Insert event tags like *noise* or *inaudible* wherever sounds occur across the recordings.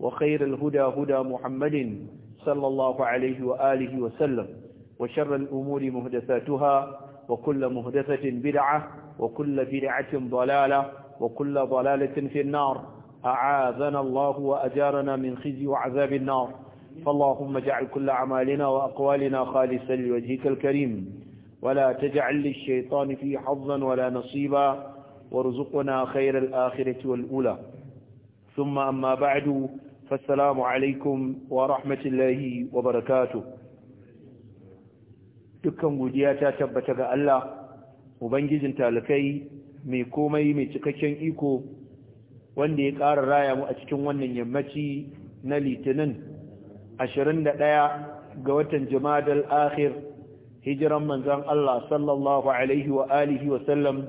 وخير الهدى هدى محمد صلى الله عليه وآله وسلم وشر الأمور مهدثاتها وكل مهدثة بدعة وكل بدعة ضلالة وكل ضلالة في النار أعاذنا الله وأجارنا من خزي وعذاب النار فاللهم اجعل كل أعمالنا وأقوالنا خالصا لوجهك الكريم ولا تجعل للشيطان في حظا ولا نصيبا وارزقنا خير الآخرة والأولى ثم أما بعد فالسلام عليكم ورحمة الله وبركاته dukkan godiya ta tabbata ga Allah ubangijin talakai mai komai mai cikakken iko wanda ya ƙara raya mu a cikin wannan yammaci na litinin 21 ga watan jumadal akhir hijiran manzan Allah sallallahu alaihi wa alihi wa sallam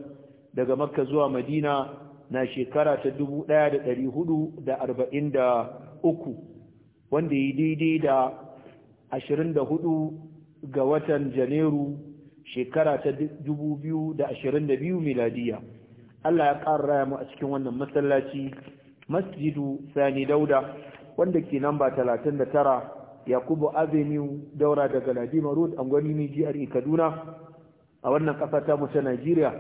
daga makka zuwa madina na shekara ta da. uku wanda ya daidai da ashirin ga watan janairu shekara ta dubu biyu da miladiya Allah ya ƙara raya mu a cikin wannan masallaci masjidu sani dauda wanda ke namba talatin da tara yakubu avenue daura daga ladima road gwani ne jihar e, kaduna a wannan ƙasa ta mu ta najeriya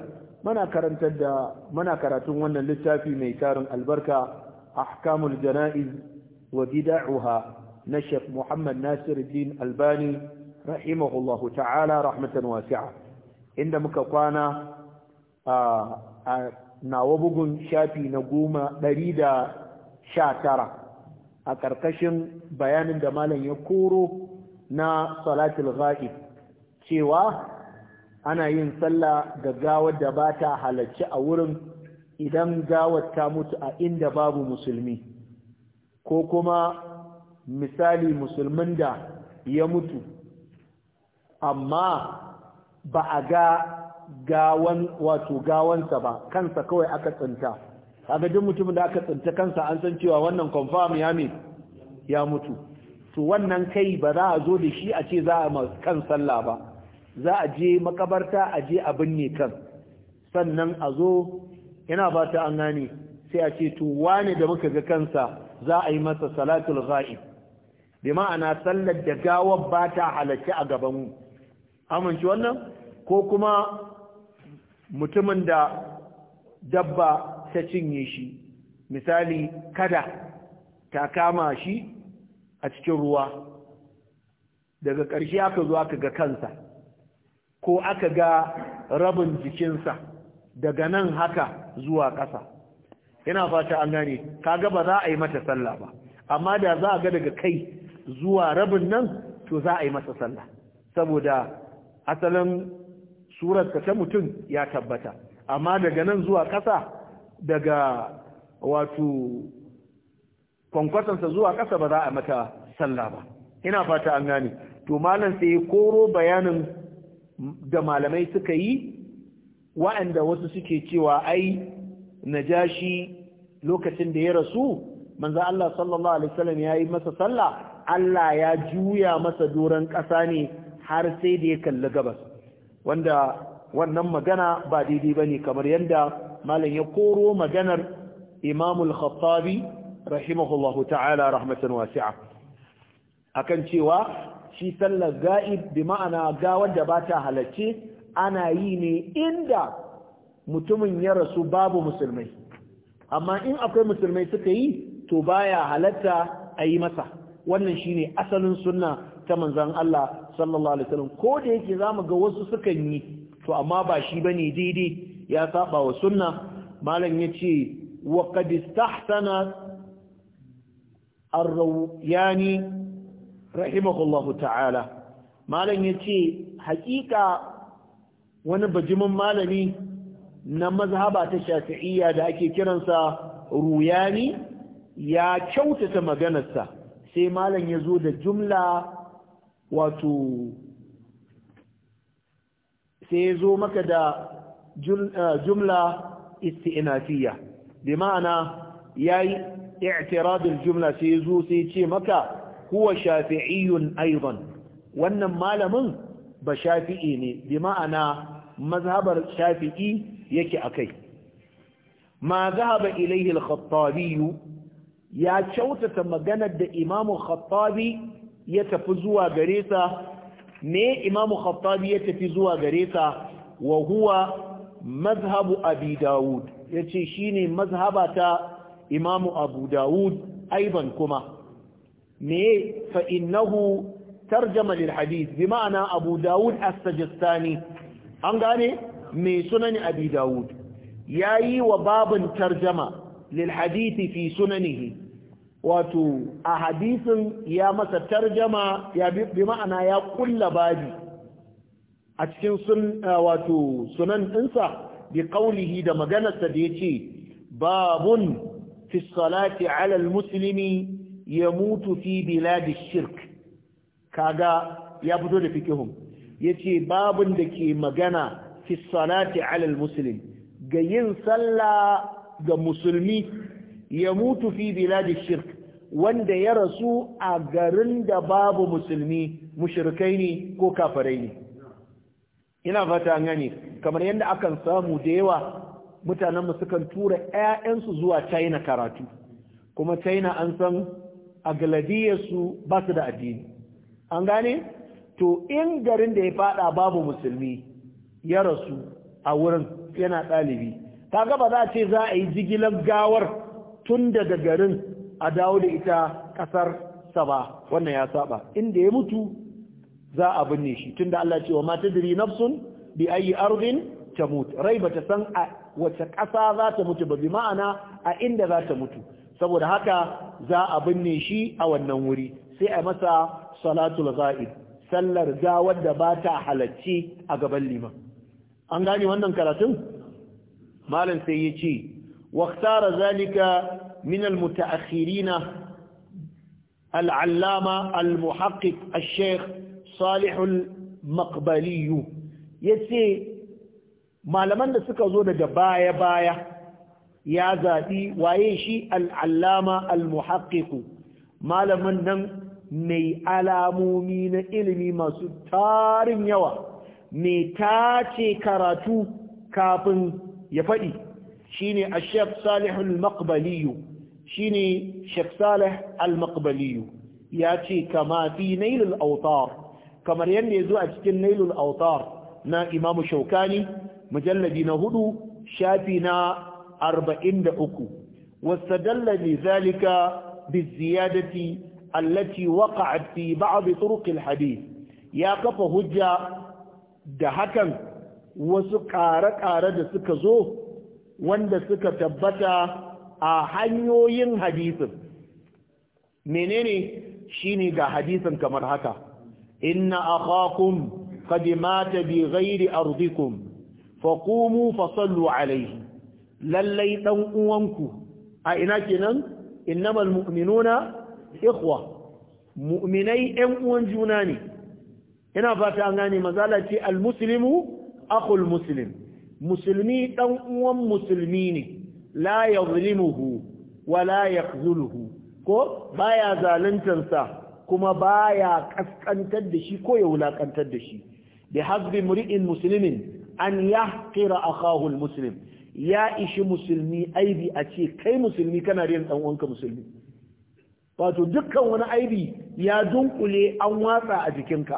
mana da mana karatun wannan littafi mai tarin albarka ahkamul jana'iz wa bid'aha na Sheikh Muhammad nasir Nasiruddin Albani rahimahullahu ta'ala rahmatan wasi'a inda muka kwana a nawa bugun shafi na goma ɗari da sha tara a ƙarƙashin bayanin da malam ya koro na salatul ghaib cewa ana yin sallah ga gawar da ba ta halarci a wurin idan gawar ta mutu a inda babu musulmi ko kuma misali musulmin da ya mutu amma ba a ga gawan wato gawansa ba kansa kawai aka tsinta kaga duk mutumin da aka tsinta kansa an san cewa wannan confirm ya me ya mutu to wannan kai ba za a zo da shi a ce za a kan sallah ba za a je makabarta a je a binne kan sannan a zo yana ba ta an gane sai a ce to wane da muka ga kansa za a yi masa salatul ghaib bi ma'ana sallar da gawar ba ta halarci a gaban mu amince wannan ko kuma mutumin da dabba ta cinye shi misali kada ta kama shi a cikin ruwa daga ƙarshe aka zo ka ga kansa ko aka ga rabin jikinsa daga nan haka zuwa ƙasa ina fata an gane kaga ba za a yi mata sallah ba amma da za a ga daga kai zuwa rabin nan to za a yi mata sallah saboda asalin surar ta mutum ya tabbata amma daga nan zuwa ƙasa daga wato kwankwasansa zuwa ƙasa ba za a mata sallah ba ina fata an gane to malam sai koro bayanin da malamai suka yi wa'anda wasu suke cewa ai najashi lokacin da ya rasu manzo Allah sallallahu alaihi wasallam yayi masa sallah Allah ya juya masa doran ƙasa ne har sai da ya kalli gabas wanda wannan magana ba daidai bane kamar yanda malam ya koro maganar Imam al-Khattabi rahimahullahu ta'ala rahmatan wasi'a akan cewa shi sallar ga'ib bi ma'ana ga wanda ba ta halacce ana yi ne inda mutumin ya rasu babu musulmai amma in akwai musulmai suka yi to baya halatta a yi masa wannan shine asalin sunna ta manzan Allah sallallahu alaihi wasallam ko da yake zamu ga wasu sukan yi to amma ba shi bane daidai ya saba wa sunna malam yace wa qad istahsana ar-rawiyani rahimahullahu ta'ala malam yace hakika wani bajimin malami na mazhaba ta shafi'iyya da ake kiransa ruyani ya kyautata maganarsa sai malam ya zo da jumla wato sai zo maka da eh, jumla isti'nafiyya bi ma'ana yayi i'tirad al-jumla sai ya zo ce maka kuwa shafi'iyyun aidan wannan malamin ba shafi'i ne bi ma'ana mazhabar shafi'i yake akai ma zahaba ilayhi al-khattabi ya kyautata maganar da Imam Khattabi ya tafi zuwa gare sa ne Imam Khattabi ya tafi zuwa gare sa wa huwa mazhabu Abi Dawud yace shine mazhabata Imam Abu Dawud aiban kuma me fa innahu tarjama lil hadith bi Abu Dawud as-Sajistani an gane mai sunani abi dawud ya yi wa babin tarjama lilhadithi fi sunanihi wato a hadisin ya masa tarjama ya bi ma'ana ya kulla babi a cikin sun wato sunan ɗinsa bi qaulihi da maganarsa da yace babun fi salati ala almuslimi yamutu fi biladi shirk kaga ya fito da fikihun yace babun da ke magana fi sanati ala muslim ga yin sallah ga musulmi ya mutu fi biladi shirk wanda ya rasu a garin da babu musulmi mushrikai ne ko kafirai ne ina fata gani kamar yadda akan samu da yawa mutanen mu sukan tura ƴaƴansu zuwa China karatu kuma China an san a su ba su da addini an gane to in garin da ya fada babu musulmi ya rasu a wurin yana ɗalibi ta gaba za a ce za a yi jigilar gawar tun daga garin a dawo da ita ƙasar saba wannan ya saba inda ya mutu za a binne shi tunda Allah ce wa mata diri nafsun bi ayi ardin mutu. rai ba ta san a wace ƙasa za ta mutu ba bi ma'ana a inda za ta mutu saboda haka za a binne shi a wannan wuri sai a masa salatul sallar gawar da ba ta halacci a gaban liman an gane wannan karatun malam sai ya ce waktara zalika min almutaakhirina al'allama al-muhaqqiq al-sheikh salih al yace malaman da suka zo daga baya-baya ya zaɓi waye shi al'allama al malaman malamin nan mai alamomi na ilimi masu tarin yawa mai tace karatu kafin ya faɗi shine a shaykh Salih al-Maqbali shine Sheikh Salih al ce yace kama fi Nail Autar. awtar kamar yanda zuwa a cikin Nail Autar. na Imam Shawkani mujalladi na hudu shafi na arba'in da واستدل لذلك بالزيادة التي وقعت في بعض طرق الحديث ya kafa hujja. da hakan wasu ƙare-ƙare da suka zo wanda suka tabbata a hanyoyin hadisin menene shine ga hadisin kamar haka inna akhakum qad mata bi ghairi ardikum faqumu fasallu alayhi lallai dan uwanku a ina kenan innamal mu'minuna ikhwa mu'minai ɗan uwan juna ne ina fata an gane mazala ce almuslimu akhul muslim musulmi dan uwan musulmi ne la yuzlimuhu wa la yakhzuluhu ko baya zaluntar sa kuma baya kaskantar da shi ko ya wulakantar da shi bi hasbi muri'in muslimin an yahqira akahu almuslim ya ishi musulmi aibi a ce kai musulmi kana rin dan uwanka musulmi wato dukkan wani aibi ya dunkule an watsa a jikinka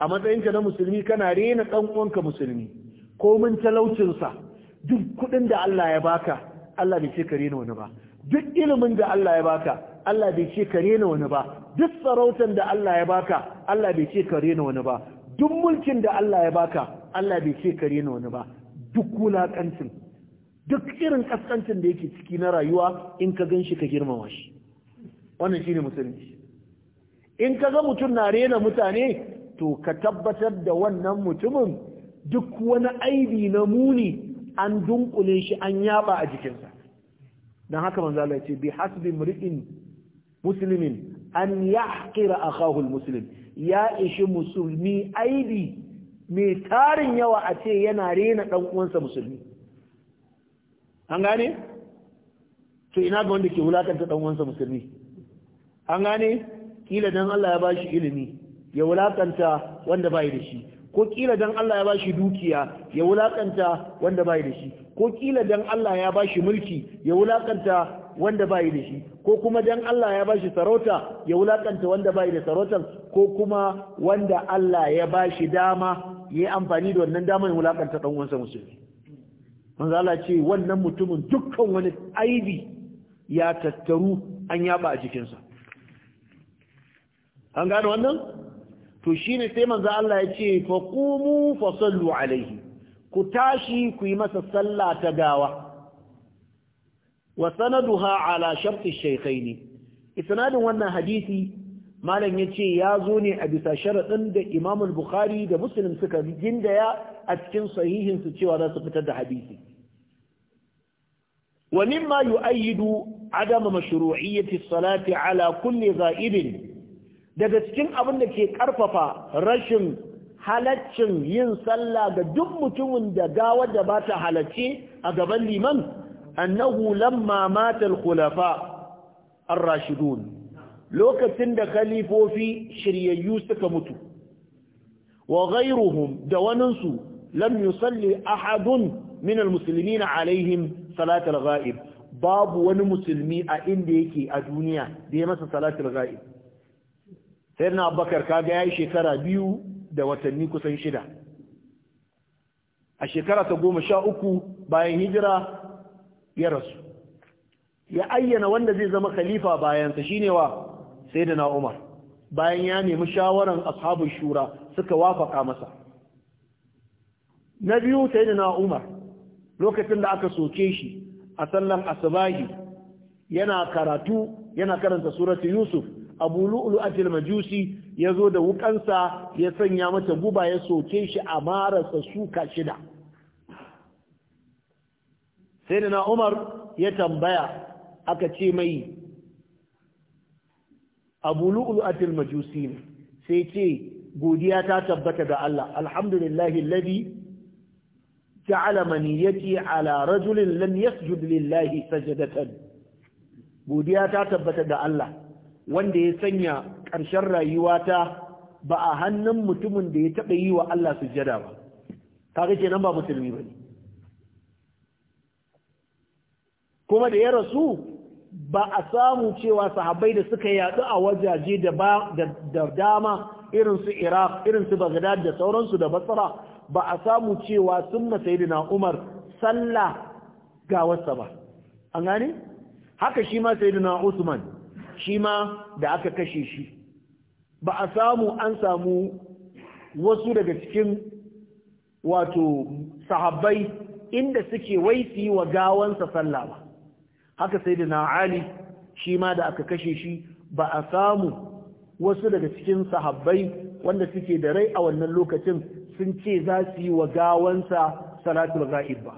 a matsayinka na musulmi kana rena ɗan uwanka musulmi Ko talaucin talaucinsa duk kudin da Allah ya baka Allah bai ce ka rena wani ba duk ilimin da Allah ya baka Allah bai ce ka rena wani ba duk sarautan da Allah ya baka Allah bai ce ka rena wani ba duk mulkin da Allah ya baka Allah bai ce ka rena wani ba duk wulakancin, duk irin kaskancin da yake ciki na rayuwa in ka gan shi ka girmama shi wannan shine musulunci in ka ga mutum na rena mutane to ka tabbatar da wannan mutumin duk wani aibi na muni an dunkule shi an yaba a jikinsa don haka manzo Allah ce bi hasbi mri'in muslimin an yahqira akahu muslim ya ishi musulmi aibi mai tarin yawa a ce yana rena dan uwansa musulmi an gane to ina ga wanda ke wulakanta dan uwansa musulmi an gane kila dan Allah ya bashi ilimi ya wulakanta wanda bai da shi ko kila dan Allah ya bashi dukiya ya wulakanta wanda bai da shi ko kila dan Allah ya bashi mulki ya wulakanta wanda bai da shi ko kuma dan Allah ya bashi sarauta ya wulakanta wanda bai da sarautar ko kuma wanda Allah ya bashi dama yayi amfani da wannan dama ya wulakanta dan uwansa musulmi manzo Allah ce wannan mutumin dukkan wani aibi ya tattaru an yaba a jikinsa an gane wannan to shine sai manzo Allah ya ce fa qumu fa sallu alaihi ku tashi ku yi masa sallah ta gawa wa sanaduha ala shart ash ne. isnadin wannan hadisi malam yace ya zo ne a bisa sharadin da Imam al-Bukhari da Muslim suka ya a cikin sahihin su cewa za su fitar da hadisi ومما يؤيد عدم مشروعية ala على ga غائب daga cikin abin da ke karfafa rashin halaccin yin sallah ga duk mutumin da gawar da ba ta halacce a gaban liman annahu lamma mata khulafa ar-rashidun lokacin da khalifofi shiryayyu suka mutu wa ghayruhum da waninsu lam yusalli ahadun min al-muslimin alaihim salat ghaib babu wani musulmi a inda yake a duniya da ya masa salatul ghaib sai na abubakar kaga ya yi shekara biyu da watanni kusan shida a shekara ta goma sha uku bayan hijira ya rasu ya ayyana wanda zai zama khalifa bayansa shine wa sai da na umar bayan ya nemi shawaran ashabin shura suka wafaka masa na biyu sai da na umar lokacin da aka soke shi a sallan asibahi yana karatu yana karanta suratun yusuf abu atil majusi ya zo da wukansa ya sanya mata guba ya soke shi a marasa suka shida sai na umar ya tambaya aka ce mai abu Atil majusi sai ce godiya ta tabbata da Allah alhamdulillahi alladhi ja'ala maniyati ala rajulin lam yasjud lillahi sajadatan godiya ta tabbata da Allah wanda ya sanya ƙarshen rayuwata ba a hannun mutumin da ya taɓa yi wa Allah sujjada ba kaga nan ba musulmi ba ne kuma da ya rasu ba a samu cewa sahabbai da suka yaɗu a wajaje da dama irin su iraq irin bagdad da sauransu da basra ba a samu cewa sun masai da umar sallah ga wasa ba an gane haka shi ma sayidina usman shi ma da aka kashe shi ba a samu an samu wasu daga cikin wato sahabbai inda suke waifi wa gawansa sallah ba haka sai da na'ali shi ma da aka kashe shi ba a samu wasu daga cikin sahabbai wanda suke da rai a wannan lokacin sun ce za su yi wa gawansa salatul ga'ib ba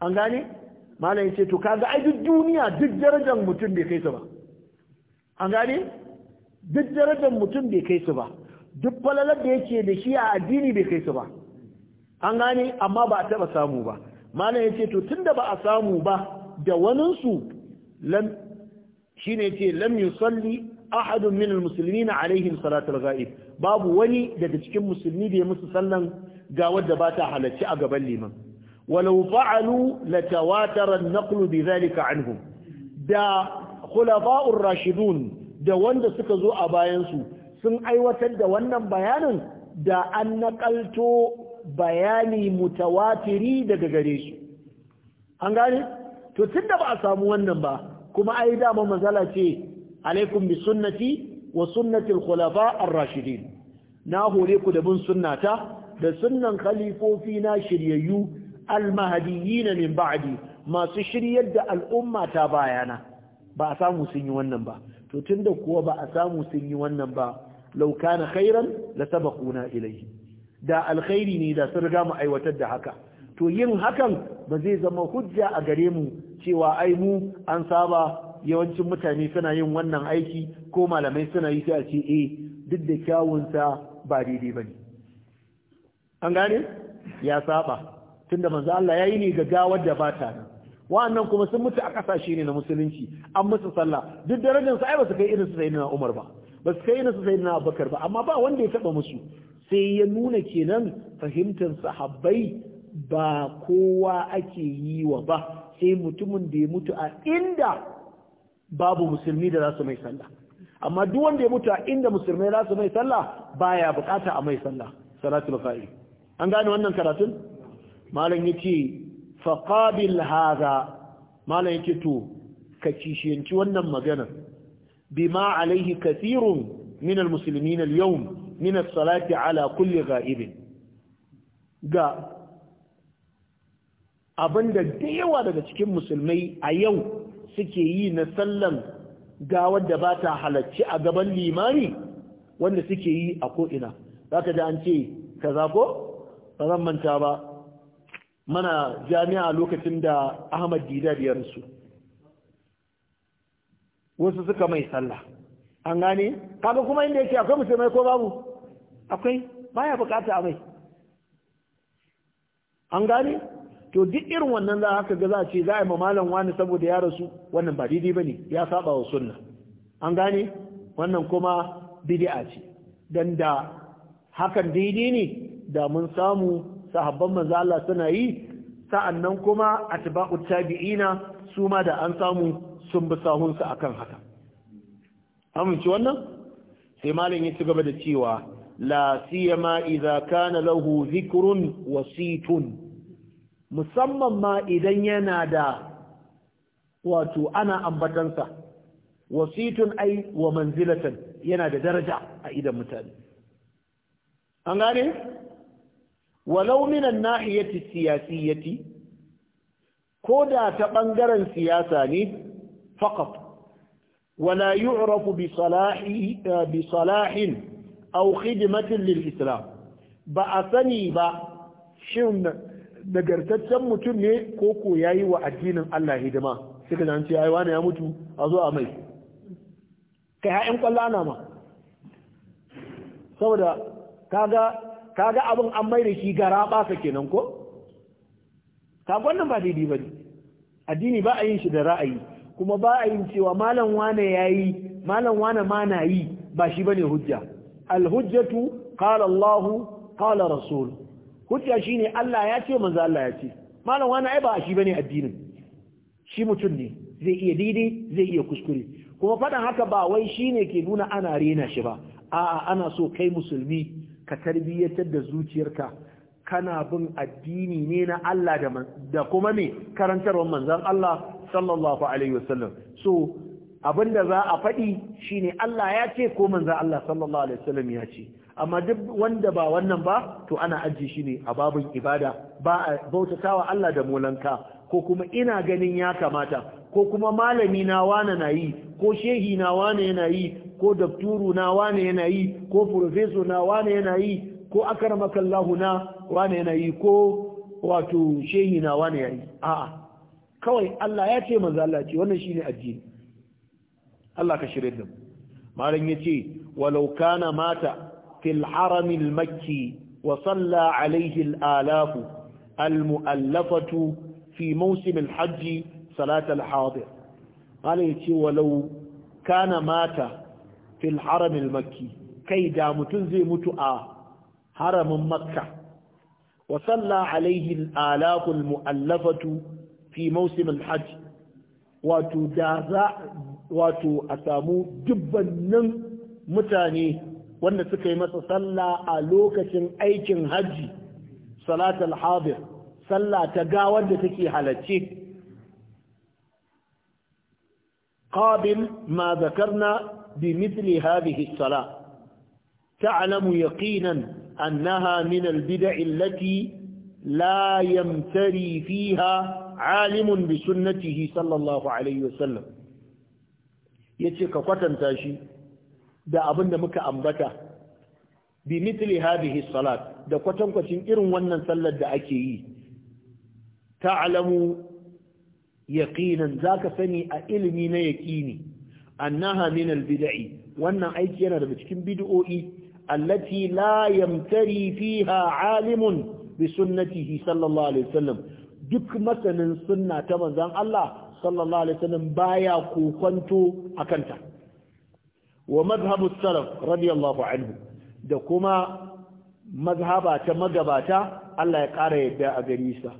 an gane malam ce to kaga ai duk duniya duk darajar mutum bai kai su ba an gane duk darajar mutum bai kai su ba duk falalar da yake da shi a addini bai kai su ba an gane amma ba a taba samu ba malam ce to tunda ba a samu ba da waninsu lam shine yace lam salli ahadun min almuslimin alaihim salatul ghaib babu wani daga cikin musulmi da ya musu sallan ga wadda ba ta halarci a gaban liman walau fa'alu latawatara an-naqlu zalika anhum da khulafa'ur rashidun da wanda suka zo a bayansu sun aiwatar da wannan bayanin da an naƙalto bayani mutawatiri daga gare su an gane to da ba a samu wannan ba kuma ai dama mazala ce alaikum bi sunnati wa sunnati al-khulafa rashidin na hore ku da bin sunnata da sunnan khalifofi na shiryayyu al-mahdiyyin min ba'di masu shiryar da al'umma ta bayana ba a samu sun yi wannan ba to tunda kuwa ba a samu sun yi wannan ba law kana khairan la sabaquna ilayhi da alkhairi ne da sun riga mu aiwatar da haka to yin hakan ba zai zama hujja a gare mu cewa ai mu an saba yawancin mutane suna yin wannan aiki ko malamai suna yi sai a ce eh duk da kyawunsa ba daidai bane an gane ya saba tunda manzo Allah yayi ne ga gawar da bata nan wa'annan kuma sun mutu a kasashe ne na musulunci an musu sallah duk darajar su ai ba su kai irin su sayyidina Umar ba ba su kai irin su sayyidina Abubakar ba amma ba wanda ya taba musu sai ya nuna kenan fahimtar sahabbai ba kowa ake yi wa ba sai mutumin da ya mutu a inda babu musulmi da za su mai sallah amma duk wanda ya mutu a inda musulmai za su mai sallah baya bukata a mai sallah salatul fa'i an gane wannan karatun malam yace faƙabil haza malam yake to ka kishiyanci wannan magana bima alaihi kathirun min almuslimin alyawm min as-salati ala kulli ghaibin ga abinda da daga cikin musulmai a yau suke yi na sallan gawar da ba ta halarci a gaban limani wanda suke yi a ko'ina za ka ji an ce kaza ko ba zan manta ba mana jami'a lokacin da Ahmad Didar ya rasu wasu suka mai sallah an gane kaga kuma inda yake akwai musulmai ko babu akwai baya bukata mai an gane to duk irin wannan za haka ga za ce za a yi mamalan wani saboda ya rasu wannan ba daidai ba ne ya saba wa sunna an gane wannan kuma bid'a ce dan da hakan daidai ne da mun samu sahabban manzo Allah suna yi sa'annan kuma atba'u tabi'ina su ma da an samu sun bi sahun su akan haka amince wannan sai malam ya ci gaba da cewa la siyama idza kana lahu dhikrun wasitun musamman ma idan yana da wato ana ambatansa wasitun ai wa manzilatan yana da daraja a idan mutane an gane walau minan nahiyati siyasiyati ko da ta ɓangaren siyasa ne faqat wala yu'rafu bi salahi eh, bi salahin aw khidmatin lil islam ba a sani ba shin nagartaccen mutum ne ko ko yayi wa addinin Allah hidima sai ka zance ai wani ya mutu a zo a mai kai ha'in kwallo ana ma saboda kaga kaga abin an mai da shi gara basa kenan ko kaga wannan ba daidai ne. addini ba a yin shi da ra'ayi kuma ba a yin cewa malam wane yayi malam wane ma na yi ba shi bane hujja al hujjatu qala Allah qala rasul hujja shine Allah ya ce manzo Allah ya ce malam wane ai ba shi bane addinin shi mutum ne zai iya daidai zai iya kuskure kuma faɗin haka ba wai shine ke nuna ana rena shi ba a'a ana so kai musulmi ka tarbiyyatar da zuciyarka kana bin addini ne na Allah da kuma me karantarwar manzan Allah sallallahu alaihi wasallam so abinda za a faɗi shine Allah ya ce ko manzan Allah sallallahu alaihi wasallam ya ce amma duk wanda ba wannan ba to ana ajiye shi ne a babin ibada ba a bautata wa Allah da molanka ko kuma ina ganin ya kamata ko kuma malami na wane na yi ko shehi na wane yana yi ko dafturu na wane yana yi ko professor na wane yana yi ko Makallahu na wane yana yi ko wato shehi na wane yana yi a'a kawai Allah ya ce manzo Allah ce wannan shine addini Allah ka shirye da mu malam yace walaukana mata fil haramil makki wa salla alayhi almu'allafatu fi mawsim hajji hajj salat al hadir malam walau kana mata fil haramil makki kai da mutum zai mutu a haramin makka wa salla alaihi alaqul muallafatu fi mawsim hajj wato da za wato a samu dubbannin mutane wanda suka yi masa salla a lokacin aikin hajji salatul hadir salla ta gawar da take halacce qabil ma zakarna بمثل هذه الصلاة تعلم يقينا أنها من البدع التي لا يمتري فيها عالم بسنته صلى الله عليه وسلم yace ka kwatanta shi da abinda muka ambata bi mithli hadhihi salat da kwatankwacin irin wannan sallar da ake yi ta'lamu yaqinan zaka sani a ilimi na yaƙini. annaha min albid'i wannan aiki yana daga cikin bid'o'i allati la yamtari fiha alimun bi sunnatihi sallallahu alaihi wasallam duk masanin sunna ta manzon Allah sallallahu alaihi wasallam baya kokonto akanta wa madhhabu salaf radiyallahu anhu da kuma mazhaba ta magabata Allah ya kara yadda a gari sa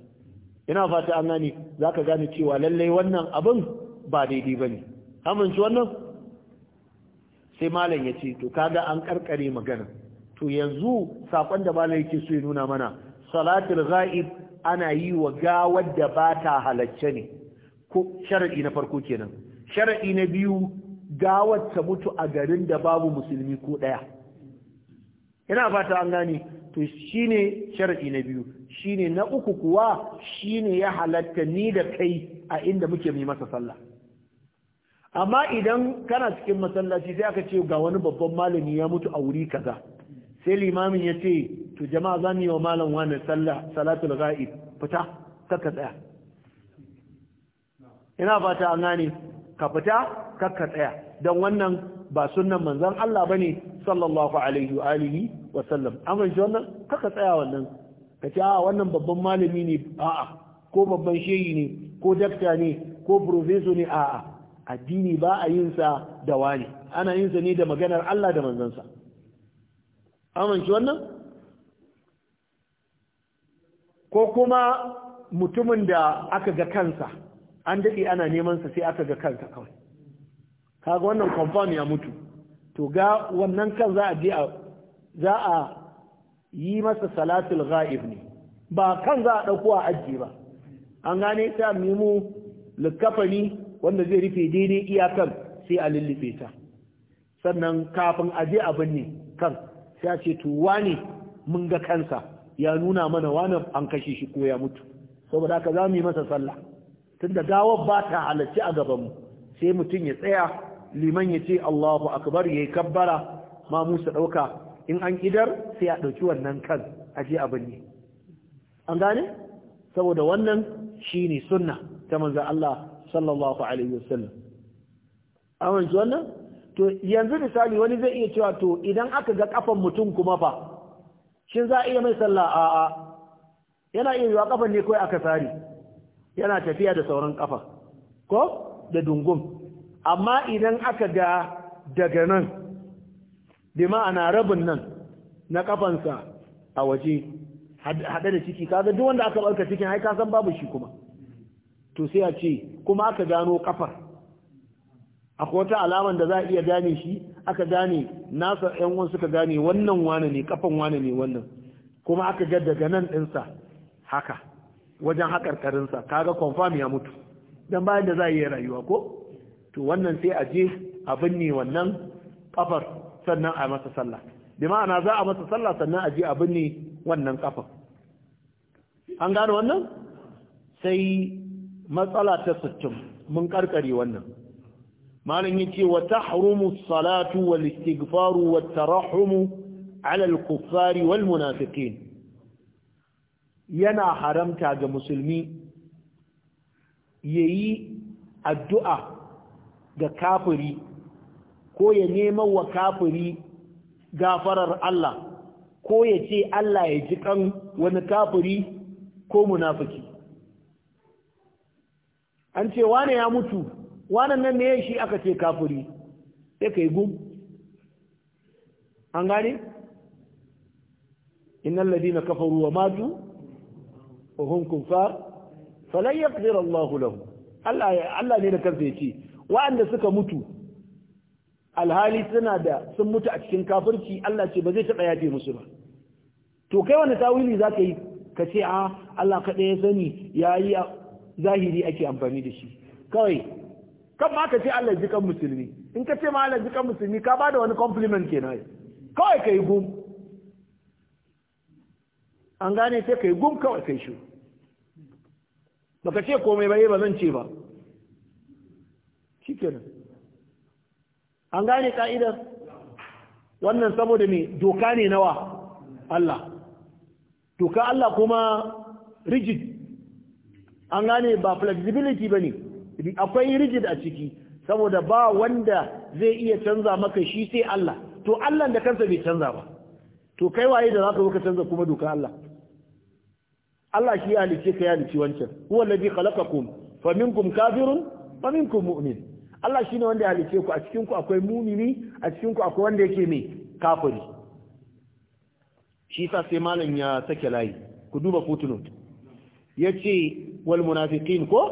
ina fata an gane zaka gane cewa lalle wannan abin ba daidai bane amince wannan sai malam ya ce to kaga an karkare magana to yanzu sakon da malam yake so ya nuna mana salatul ghaib ana yi wa gawar da ba ta halacce ne ko sharadi na farko kenan sharadi na biyu gawar ta mutu a garin da babu musulmi ko daya ina fata an gane to shine sharadi na biyu shine na uku kuwa shine ya halatta ni da kai a inda muke yi masa sallah amma idan kana cikin masallaci sai aka ce ga wani babban malami ya mutu a wuri kaza sai limamin ya ce to jama'a za mu yi wa malam wani sallah salatul ghaib fita kakka tsaya ina fata an gane ka fita kakka tsaya don wannan ba sunnan manzon Allah bane sallallahu alaihi wa alihi wa sallam an ji wannan kakka tsaya wannan ka ce a wannan babban malami ne a'a ko babban shehi ne ko dakta ne ko professor ne a'a addini ba a yin da wani ana yin ne da maganar Allah da manzansa amince wannan ko kuma mutumin da aka ga kansa an dade ana neman sa sai aka ga kansa kawai kaga wannan confirm ya mutu to ga wannan kan za a je a za a yi masa salatul ghaib ne ba kan za a dauko a ajiye ba an gane ta mimu likafani wanda zai rufe daidai iya kan sai a lullufe ta sannan kafin a je a ne kan sai a ce to wane mun ga kansa ya nuna mana wane an kashe shi ko ya mutu saboda haka za mu yi masa sallah tunda gawar ba ta halarci a gabanmu sai mutum ya tsaya liman ya ce Allahu akbar yayi kabbara ma musa dauka in an idar sai a ɗauki wannan kan aje a ne an gane saboda wannan shine sunna ta manzo Allah sallallahu alaihi wasallam awan wanci wannan to yanzu misali wani zai iya cewa to idan aka ga kafan mutum kuma fa shin za a iya mai sallah a a yana iya yiwa kafan ne kawai aka sari yana tafiya da sauran kafa ko da dungum amma idan aka ga daga nan bi ma'ana rabin nan na kafansa a waje haɗe da ciki kaga duk wanda aka barka cikin ai ka san babu shi kuma to sai a ce kuma aka gano kafar akwai wata alaman da za a iya gane shi aka gane nasa yan wani suka gane wannan wane ne kafan wane ne wannan kuma aka ga daga nan ɗinsa haka wajen haƙarƙarinsa kaga confirm ya mutu don bayan da za a yi rayuwa ko to wannan sai a je a binne wannan kafar sannan a masa sallah bi ma'ana za a masa sallah sannan a je a binne wannan kafar an gano wannan sai matsala ta sittin mun karkare wannan malam yace wa tahrumu salatu wal istighfaru wat tarahumu ala al kuffari wal munafiqin yana haramta ga musulmi yayi addu'a ga kafiri ko ya neman wa kafiri gafarar Allah ko ya ce Allah ya ji kan wani kafiri ko munafiki an ce wane ya mutu wanan nan ne shi aka ce kafuri sai kai gum an gane innal ladina kafaru wa matu wa hum kufar falan Allah lahum Allah ne da kansa yace Waɗanda suka mutu alhali suna da sun mutu a cikin kafirci Allah ce ba zai taɓa yafe musu ba to kai wani tawili za ka yi ka ce a ah, Allah kaɗai ya sani ya yi zahiri ake amfani da shi kawai kan ma ka ce Allah jikan musulmi in ka ce ma Allah jikan musulmi ka bada wani compliment kenan kawai ka yi gum an gane sai ka yi gum kawai ka yi shi baka ce komai ba eh, ba zan ce ba shi kenan an gane ka'idar wannan saboda me doka ne nawa Allah doka Allah kuma rigid an gane ba flexibility ba ne akwai rigid a ciki saboda ba wanda zai iya canza maka shi sai Allah to Allah da kansa bai canza ba to kai waye da zaka zo ka canza kuma doka Allah Allah shi ya halice ka ya halice wancan huwa allazi khalaqakum faminkum kafirun faminkum mu'min Allah shine wanda ya halice ku a cikin ku akwai mumini a cikin ku akwai wanda yake mai kafiri shi sa sai malam ya sake layi ku duba footnote yace wal munafiqin ko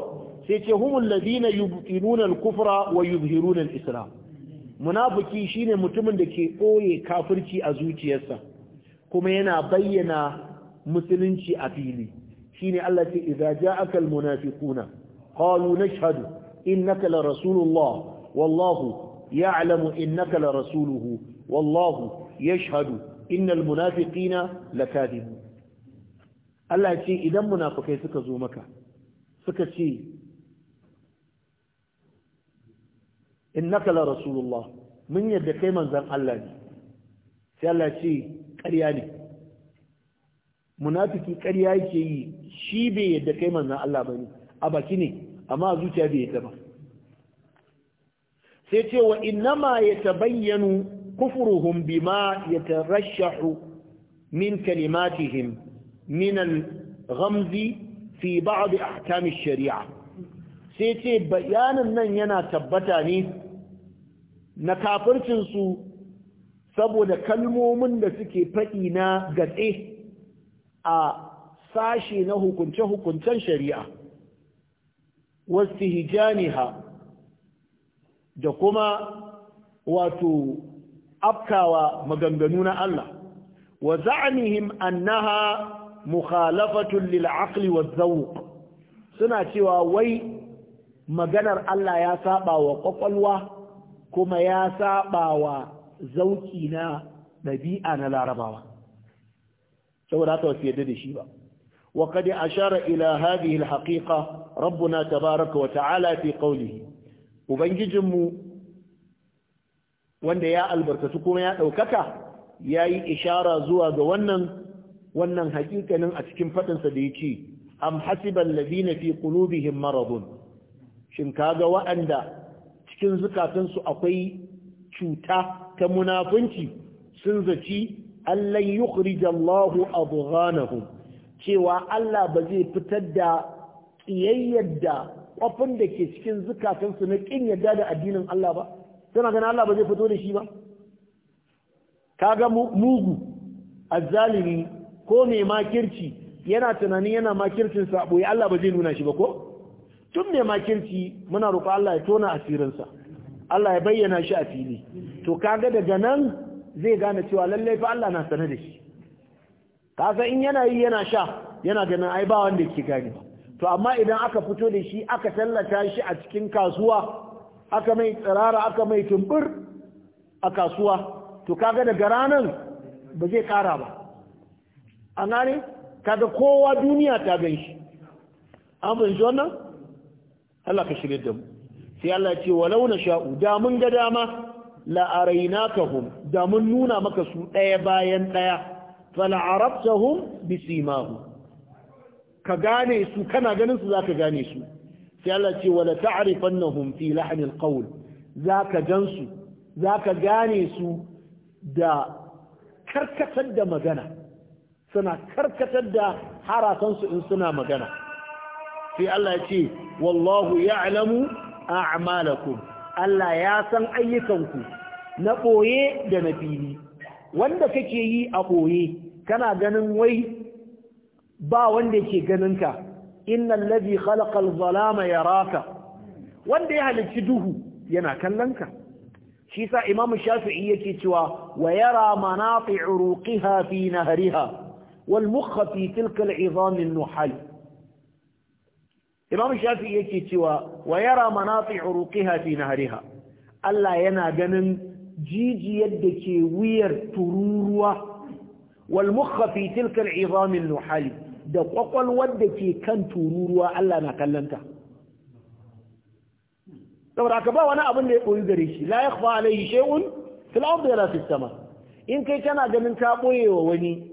sai ce humul ladina yubtinuna al-kufra wa yuzhiruna al-islam munafiki shine mutumin da ke koye kafirci a zuciyarsa kuma yana bayyana musulunci a fili shine Allah ce idza ja'aka al-munafiquna qalu nashhadu innaka la rasulullah wallahu ya'lamu innaka la rasuluhu wallahu yashhadu innal munafiqina lakadibun Allah ce idan munafukai suka zo maka suka ce innaka la rasulullah mun yadda kai manzon Allah ne sai Allah ce ƙarya ne munafiki ƙarya yake yi shi bai yadda kai manzon Allah bane a baki ne amma a zuciya bai yadda ba sai ce wa innama yatabayyanu kufruhum bima yatarashahu min kalimatihim min al-ghamzi fi ba'd ahkam sharia sai ce nan yana tabbata ne na kafircin su saboda kalmomin da suke faɗi na gatse a sashe na hukunce-hukuncen shari'a wasu hijaniha da kuma wato afkawa maganganu na Allah wa za'anihim annaha mukhalafatun lil aqli waz suna cewa wai maganar Allah ya saɓa wa ƙwaƙwalwa, kuma ya saba wa zauki na dabi'a na larabawa saboda ta wasu yadda da shi ba wa kad ashara ila hadhihi al haqiqa rabbuna tabaaraka wa ta'ala fi qawlihi ubangijinmu wanda ya albarkatu kuma ya daukaka yayi ishara zuwa ga wannan wannan hakikanin a cikin faɗinsa da ya ce am hasiban ladina fi qulubihim maradun shin kaga waɗanda cikin zukatansu akwai cuta ta munafunci sun zaci allan yukhrijallahu adghanahum cewa Allah ba zai fitar da tsiyayyar da kwafin da ke cikin zukatansu na kin yadda da addinin Allah ba suna ganin Allah ba zai fito da shi ba kaga mugu azzalimi ko mai makirci yana tunanin yana makircin sabo ya Allah ba zai nuna shi ba ko tun mai makirci muna roƙo Allah ya tona asirinsa Allah ya bayyana shi a fili to kaga daga nan zai gane cewa lallai fa Allah na sane da shi kaga in yana yi yana sha yana ganin ai ba wanda yake gane to amma idan aka fito da shi aka tallata shi a cikin kasuwa aka mai tsirara aka mai tumbur a kasuwa to kaga daga ranan ba zai kara ba a gane kaga kowa duniya ta gan shi an fahimci wannan Allah ka shirya da mu sai Allah ce sha'u da mun ga dama la'arainakahum da mun nuna maka su ɗaya bayan ɗaya fala'arabtahum bisimahu ka gane su kana ganin su zaka gane su sai Allah ce wala ta'rifannahum fi lahnil qawl zaka gansu zaka gane su da karkatar da magana suna karkatar da haratansu in suna magana sai Allah ya ce wallahu ya'lamu a'malakum Allah ya san ayyukanku na boye da na fili wanda kake yi a boye kana ganin wai ba wanda yake ganin ka innal ladhi khalaqal zalama yaraka wanda ya halicci duhu yana kallon ka shi sa imamu shafi'i yake cewa wa yara manati uruqiha fi nahriha والمخ في تلك العظام النحل امام الشافعي yake cewa ويرى مناطع عروقها في نهرها الله yana ganin jijiyar da ke wuyar tururuwa والمخ في تلك العظام da ƙwaƙwalwar da ke kan tururuwa Allah na kallanta saboda ka ba wani abin da ya koyi gare shi la yakhfa alayhi shay'un fil ardi wala fis in kai kana ganin ta wa wani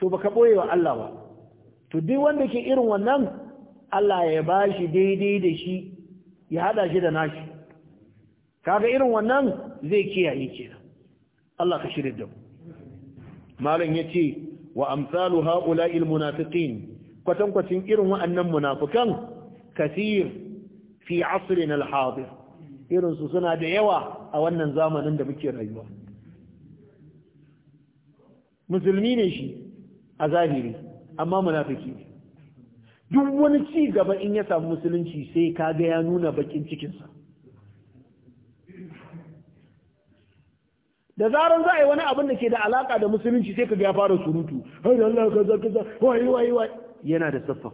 to baka boye wa Allah ba to duk wanda ke irin wannan Allah ya bashi daidai da shi ya hada shi da nashi kaga irin wannan zai kiyaye kenan Allah ka shirye da mu malam yace wa amsalu haula'il munafiqin kwatan kwatin irin wa'annan munafikan kasir fi asrina alhadir irin su suna da yawa a wannan zamanin da muke rayuwa musulmi ne shi a zahiri amma munafiki ne duk wani ci gaba in ya samu musulunci sai kaga ya nuna bakin cikinsa da zaran za a yi wani abin da ke da alaka da musulunci sai kaga ya fara surutu hai Allah kaza kaza wai wai wai yana da saffa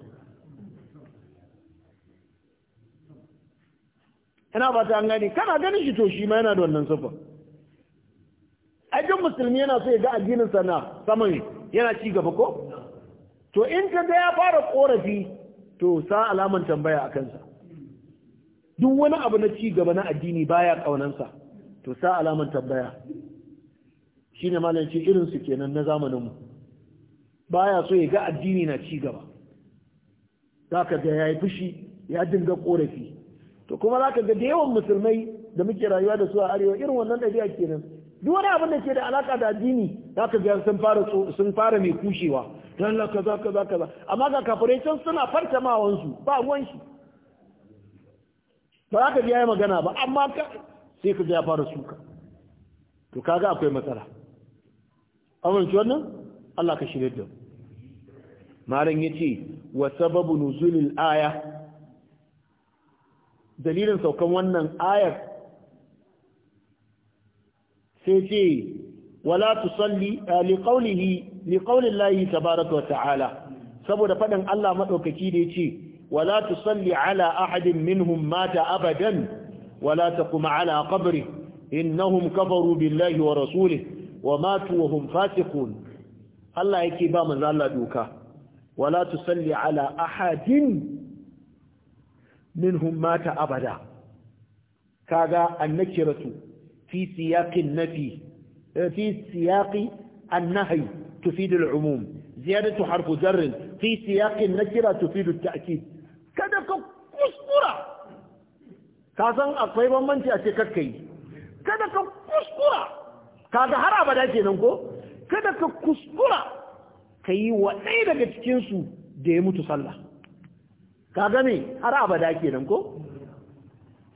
ina ba ta gane kana ganin shi to shi ma yana da wannan saffa ajin musulmi yana so ya ga addinin sana saman yana ci gaba ko to in ka ga ya fara korafi to sa alaman tambaya a kansa duk wani abu na ci gaba na addini baya ƙaunansa, to sa alaman tambaya shine ne ce irin su kenan na zamaninmu baya so ya ga addini na ci gaba zaka ga yayi fushi ya dinga korafi to kuma zaka ga da yawan musulmai da muke rayuwa da su a arewa irin wannan ɗabi'a kenan duk wani abin da ke da alaka da addini za ka biya sun fara sun fara mai kushewa dan la kaza kaza kaza amma ga kafirai sun suna ma wansu ba ruwan shi ba za ka biya magana ba amma ka sai ka biya ya fara suka to kaga akwai matsala amma shi wannan Allah ka shirye da malam yace wa sababu nuzulil aya dalilin saukan wannan ayar sai ce wala tusalli eh, li qawlihi tabaaraka wa ta'ala saboda faɗin Allah maɗaukaki da yace wala tusalli ala ahadin minhum mata abadan wala taqum ala qabri innahum kafaru billahi wa rasulihi wa matu wa hum fasiqun Allah yake ba manzo Allah doka wala tusalli ala ahadin minhum mata abada kaga annakiratu في سياق النفي آه، في سياق النهي تفيد العموم زيادة حرف جر في سياق النكرة تفيد التأكيد كذا كفصورة كذا أقيم من تأكيد كذا كفصورة كذا هرب داشين أنكو كذا كفصورة كي وعيدا كتكنسو ديمو تصلى كذا مي هرب داشين أنكو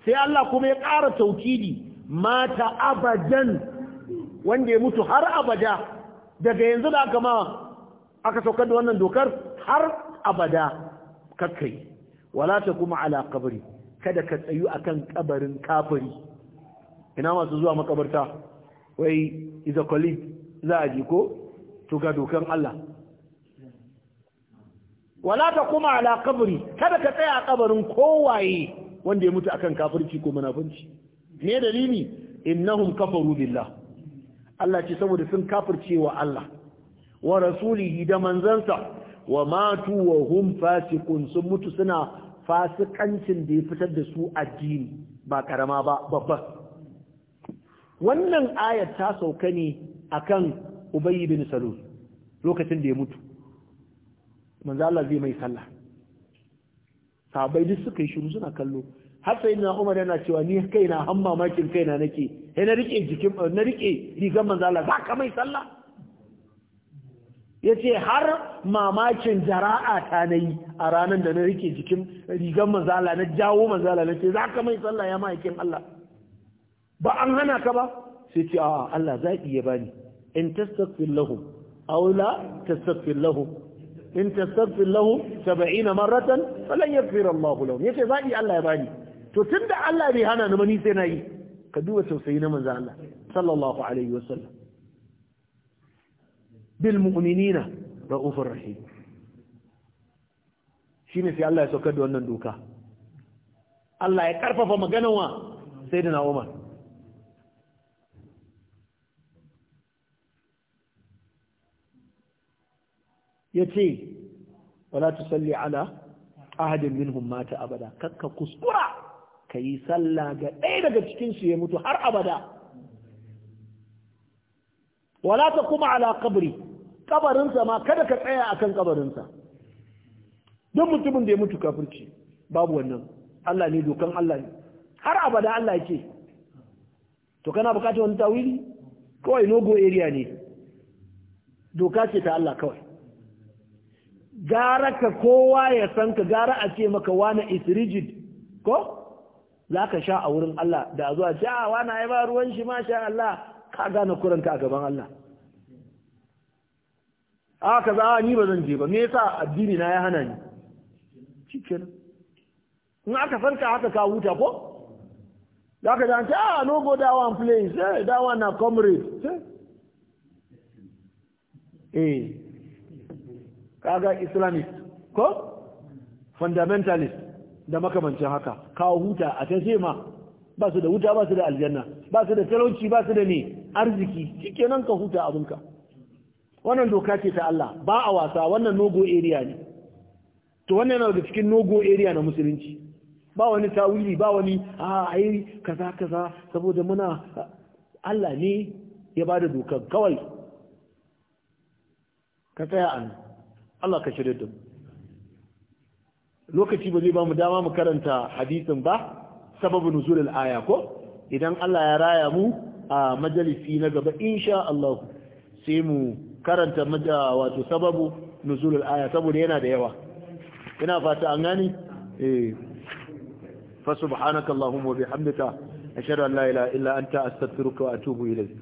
سي الله كم يقار توكيدي mata abadan wanda ya mutu har abada daga yanzu da aka ma aka saukar da wannan dokar har abada kakai wala ta kuma ala kabari kada ka tsayu akan kabarin kafiri ina masu zuwa makabarta wai is a colleague za a ji ko to ga dokan Allah wala ta kuma ala kabari kada ka tsaya a kabarin kowaye wanda ya mutu akan kafirci ko munafunci me dalili innahum kafaru billah Allah ce saboda sun kafirce wa Allah wa rasulihi da manzansa wa matu wa hum fasiqun sun mutu suna fasikancin da ya fitar da su addini ba karama ba babba wannan ayat ta sauka ne akan ubayy bin Salul lokacin da ya mutu manzo Allah zai mai sallah sabai duk suka yi shiru suna kallo har sai na umar yana cewa ni kaina han mamakin kaina nake sai na rike jikin na rike rigar manzo Allah za ka mai sallah yace har mamakin jara'a ta nayi a ranar da na rike jikin rigar manzo Allah na jawo manzo Allah nace za ka mai sallah ya mamakin Allah ba an hana ka ba sai ce a Allah zaki ya bani in tastaghfir lahum aw la tastaghfir lahum in tastaghfir lahum 70 maratan falan yaghfir Allah lahum yace zaki Allah ya bani to tun da Allah bai hana ni mani ni sai na yi ka duba tausayi na manzo Allah sallallahu alaihi wasallam bil mu'minina raufur rahim shine sai Allah ya saukar da wannan doka Allah ya karfafa maganan wa nauma. Ya ce wala tusalli ala ahadin minhum mata abada kakka kuskura ka yi sallah ga ɗaya daga cikinsu ya mutu har abada wala ta kuma ala kabri kabarinsa ma kada ka tsaya akan kabarinsa don mutumin da ya mutu kafirci babu wannan Allah ne dokan Allah ne har abada Allah ke. to kana bukatar wani tawili kawai nogo area ne doka ce ta Allah kawai gara ka kowa ya san ka gara a ce maka wani is rigid ko za ka sha a wurin Allah da a zuwa ja ah, wani ya ba ruwan shi mashi Allah ka gane kuranta a gaban Allah a ah, ka za ah, ni ba zan je ba me yasa addini na ya hana ni cikin in aka farka haka ka huta ko za ka zance a no go that one place eh that one na comrade eh, eh. kaga islamist ko fundamentalist da makamancin haka kawo huta a ta ma ba su da wuta ba su da aljanna ba su da talauci ba su da ne arziki nan ka huta abinka wannan doka ce ta Allah ba a wasa wannan nogo area ne to wannan yana daga cikin nogo area na musulunci ba wani tawili ba wani a ai kaza kaza saboda muna Allah ne ya ba da dokar kawai ka tsaya an Allah ka shirye da mu lokaci ba zai ba mu dama mu karanta hadisin ba sababu nuzulul aya ko idan Allah ya raya mu a majalisi na gaba insha Allah sai mu karanta wato sababu nuzulul aya saboda yana da yawa ina fata an gani eh fa subhanaka allahumma wa bihamdika ashhadu an la ilaha illa anta astaghfiruka wa atubu ilayk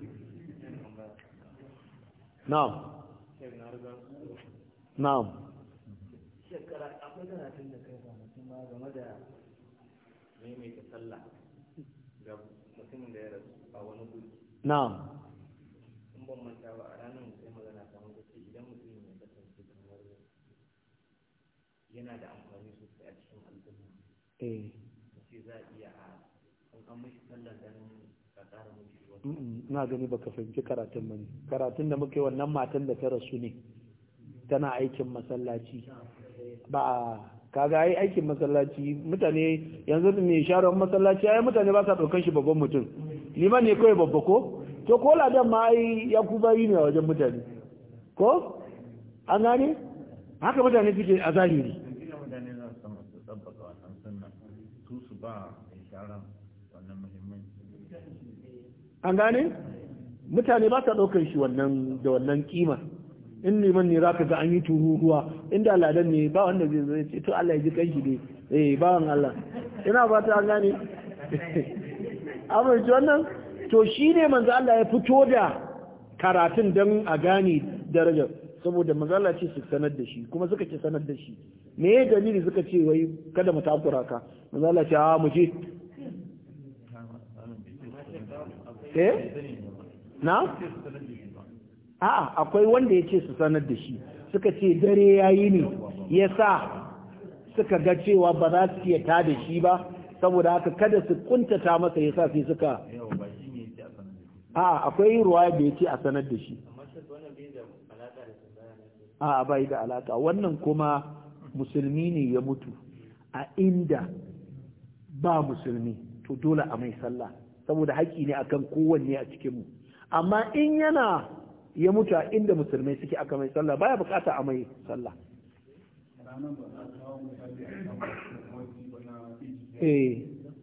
na'am na'am na gani da kai da maimaita sallah ga mutumin a wani in ban manta ba a ranar sai magana idan mutum ya a cikin eh. ka fahimci karatun bane karatun da muka yi wannan matan da ta rasu ne tana aikin masallaci ba a kaga yi aikin masallaci mutane yanzu mai sharon masallaci ai mutane ba sa ɗaukan shi babban mutum liman ne kawai babba ko to ko ladan ma ai ya kuba yi ne a wajen mutane ko an gane haka mutane suke a zahiri an gane mutane ba sa ɗaukan shi wannan da wannan kima in liman ne zaka ga an yi tururuwa inda aladan ne ba wanda zai zai ce to Allah ya ji kanki ne eh bawan Allah ina ta an gane amma *laughs* wannan to shine manzo Allah ya fito da karatun dan a gane darajar saboda manzo Allah ce su sanar da shi kuma suka ce sanar da shi me ya dalili suka ce wai kada mu takura ka manzo Allah ce a mu je eh na a'a akwai wanda ya ce su sanar da shi suka ce dare ya yi ne ya sa suka ga cewa ba za su iya ta da shi ba saboda haka kada su kuntata masa ya sa sai suka a'a akwai ruwa da ya ce a sanar da shi a'a yi da alaka wannan kuma musulmi ne ya mutu a inda ba musulmi to dole a mai sallah saboda haƙƙi ne akan kowanne a cikinmu amma in yana ya mutu a inda musulmai suke aka mai sallah baya bukata a mai sallah eh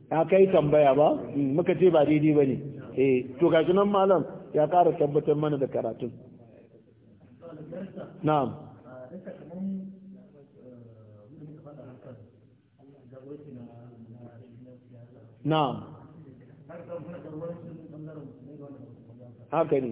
ya kai tambaya ba hmm, muka ce ba daidai ba ne eh to gashi nan malam ya ƙara tabbatar mana da karatun na'am na'am haka ne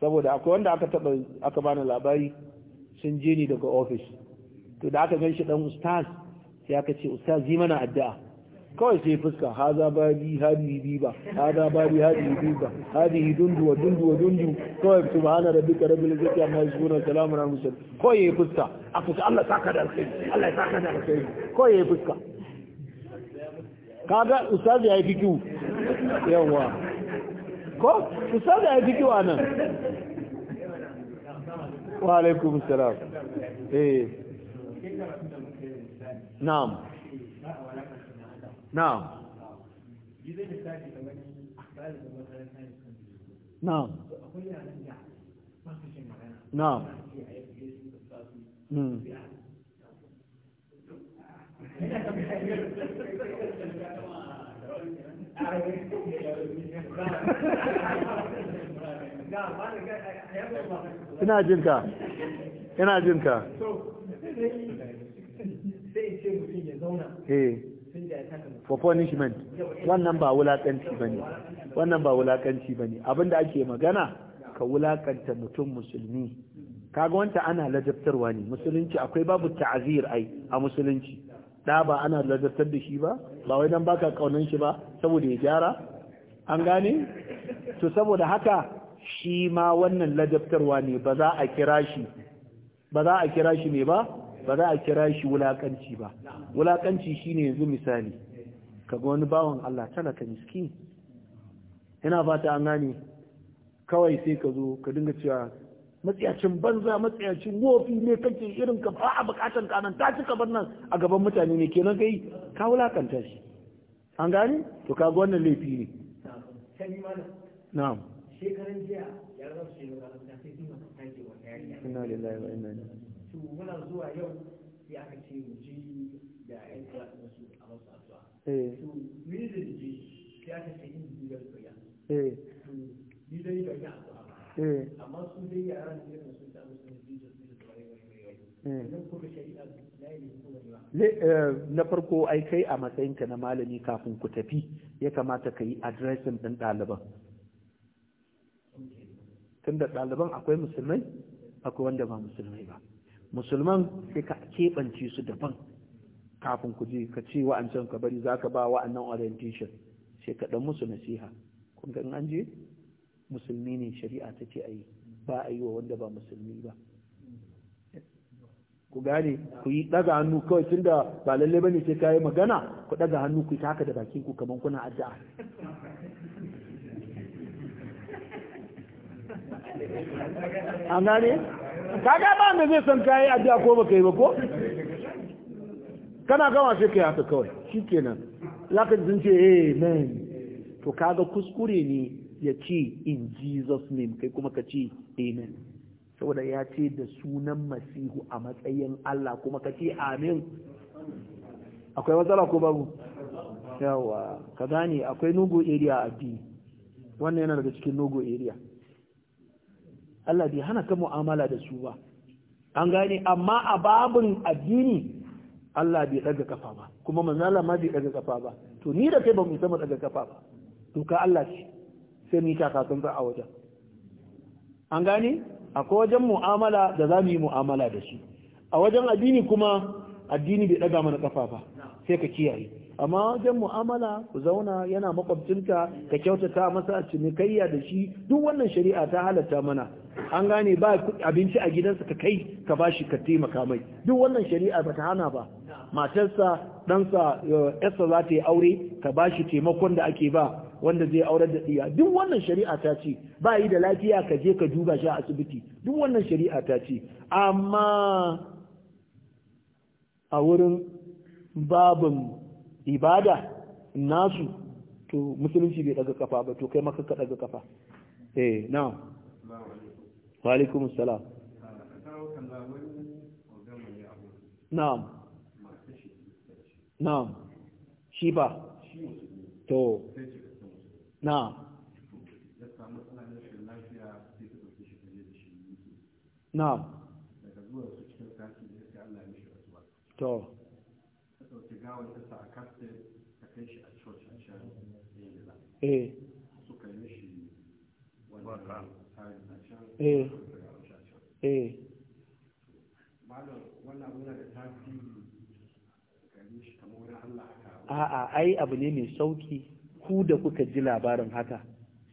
saboda akwai wanda aka taba aka bani labari sun je ni daga ofis to da aka ganshi dan ustaz sai aka ce ustaz yi mana addu'a kawai sai fuska haza babi hadi biba haza babi hadi biba hadi dundu wa dundu wa dundu kawai subhana rabbika rabbil izzati amma yasifun wa salamun alal mursalin kawai yayi fuska aka ce Allah saka da alkhairi Allah saka da alkhairi kawai yayi fuska kaga ustaz yayi fikiu yawa ko ustazi ai fiki wa nan wa alaikum salam eh na'am na'am na'am na'am Mm. ina jin ka ina jin ka eh. for punishment wannan ba wulakanci ne wannan ba wulakanci ne abinda ake magana ka wulaƙanta mutum musulmi kaga wanta ana ladabtarwa ne musulunci akwai babu ta'azir ai a musulunci da ba ana ladabtar da shi ba ba wai dan baka kaunan shi ba saboda ya gyara an gane to saboda haka shi ma wannan ladabtarwa ne ba za a kira shi ba za a kira shi ne ba ba za a kira shi wulakanci ba wulakanci ne yanzu misali kaga wani bawan Allah talaka miski ina fata an gane kawai sai ka zo ka dinga cewa matsiyacin banza matsiyacin wofi ne kake irin ka ba a bukatan kanan ta cika bar nan a gaban mutane ne kenan kai ka wulakanta shi an gane to ka ga wannan laifi ne na'am shekaran jiya ya rasu shi ne ta sai kuma ta ce wa yarinya inna lillahi wa inna ilaihi eh. to muna zuwa yau sai aka ce mu ji da ƴan kula da su a wasu asuwa eh to ni da ji sai aka ce in ji da ya eh ni da ni da Eh. amma su dai irin su da eh. eh, na farko ai kai a matsayinka na malami kafin ku tafi ya kamata ka yi adresin ɗin ɗaliban da ɗaliban akwai musulmai akwai wanda ba musulmai ba musulman sai ka keɓance su daban kafin ku je ka ce wa'ancan ka bari za ka ba wa'annan orientation sai ka ɗan musu nasiha kun ga in an je musulmi ne shari'a ta ce a yi ba a yi wa wanda ba musulmi ba ku gane ku yi daga hannu kawai tun da ba lalle bane sai kayi magana ku daga hannu ku yi ta haka da bakin ku kaman kuna addu'a an gane kaga ba da zai san kayi addu'a ko baka yi ba ko kana gama sai kai haka kawai shikenan zaka ji sun ce eh man to kaga kuskure ne ya ce in jesus name kai kuma ka ce amen saboda ya ce da sunan masihu a matsayin allah kuma ka ce amen akwai matsala ko babu yawa ka gane akwai nogo area a addini wannan yana daga cikin nogo area allah bai hana ka mu'amala da su ba an gane amma a babin addini Allah bai daga kafa ba kuma manzala ma bai daga kafa ba to ni da kai ba mu isa mu daga kafa ba to ka Allah ce sai mu yi sun a wajen an gane akwai wajen mu'amala da za mu yi mu'amala da shi a wajen addini kuma addini bai daga mana kafa ba sai ka kiyaye amma wajen mu'amala ku zauna yana makwabcinta ka kyautata masa cinikayya da shi duk wannan shari'a ta halatta mana an gane ba abinci a gidansa ka kai ka bashi ka taimaka mai duk wannan shari'a ba ta hana ba matarsa ɗansa eh, yarsa za ta yi aure ka bashi taimakon da ake ba wanda zai aurar da ɗiya duk wannan shari'a ta ce ba yi da lafiya ka je ka duba shi a asibiti duk wannan shari'a ta ce amma a wurin babin ibada nasu to musulunci bai ɗaga kafa ba to kai maka ka daga kafa eh na'am wa alaikum assalam na'am na'am shi ba to na na to eh eh eh a'a ai abu ne mai sauki ku da kuka ji labarin haka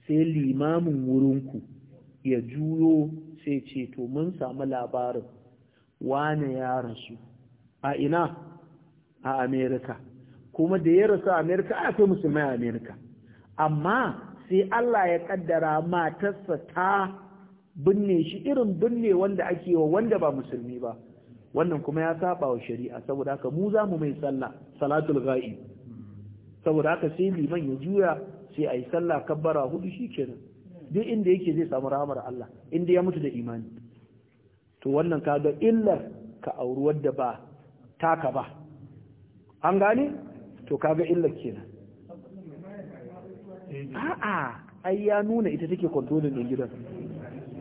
sai limamin wurinku ya juyo sai ce to mun samu labarin wane ya rasu a ina a amerika kuma da ya rasu a amerika akwai musulmai a amerika amma sai allah ya kaddara matarsa ta binne shi irin binne wanda ake wa wanda ba musulmi ba wannan kuma ya saba wa shari'a saboda haka mu za mu mai sallah salatul ghaib saboda haka sai liman ya juya sai a yi sallah kabbara hudu shi kenan duk inda yake zai samu ramar Allah inda ya mutu da imani to wannan kaga illar ka auri wadda ba taka ba an gane to kaga illar kenan a'a ai ya nuna ita take kontrolin din gidan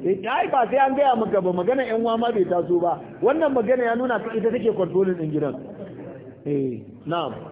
eh, ai ba sai an gaya maka ba magana yan uwa ma bai taso ba wannan magana ya nuna ita take kontrolin din gidan eh na'am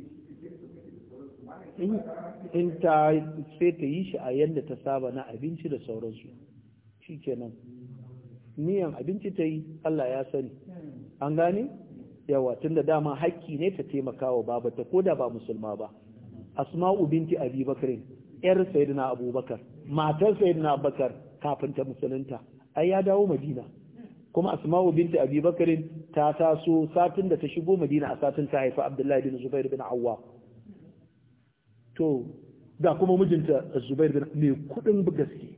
in ta sai ta yi shi a yadda ta saba na abinci da sauransu shi kenan niyan abinci ta yi Allah ya sani an gane yawa tun da dama haƙƙi ne ta taimaka wa babata ko da ba musulma ba asma'u binti abi bakarin yar sayyidina abubakar matar sayyidina abubakar kafin ta musulunta ai ya dawo madina kuma asma'u binti abi bakarin ta taso satin da ta shigo madina a satin ta haifa abdullahi bin zubair bin awwa to ga kuma mijinta zubair bin mai kudin gaske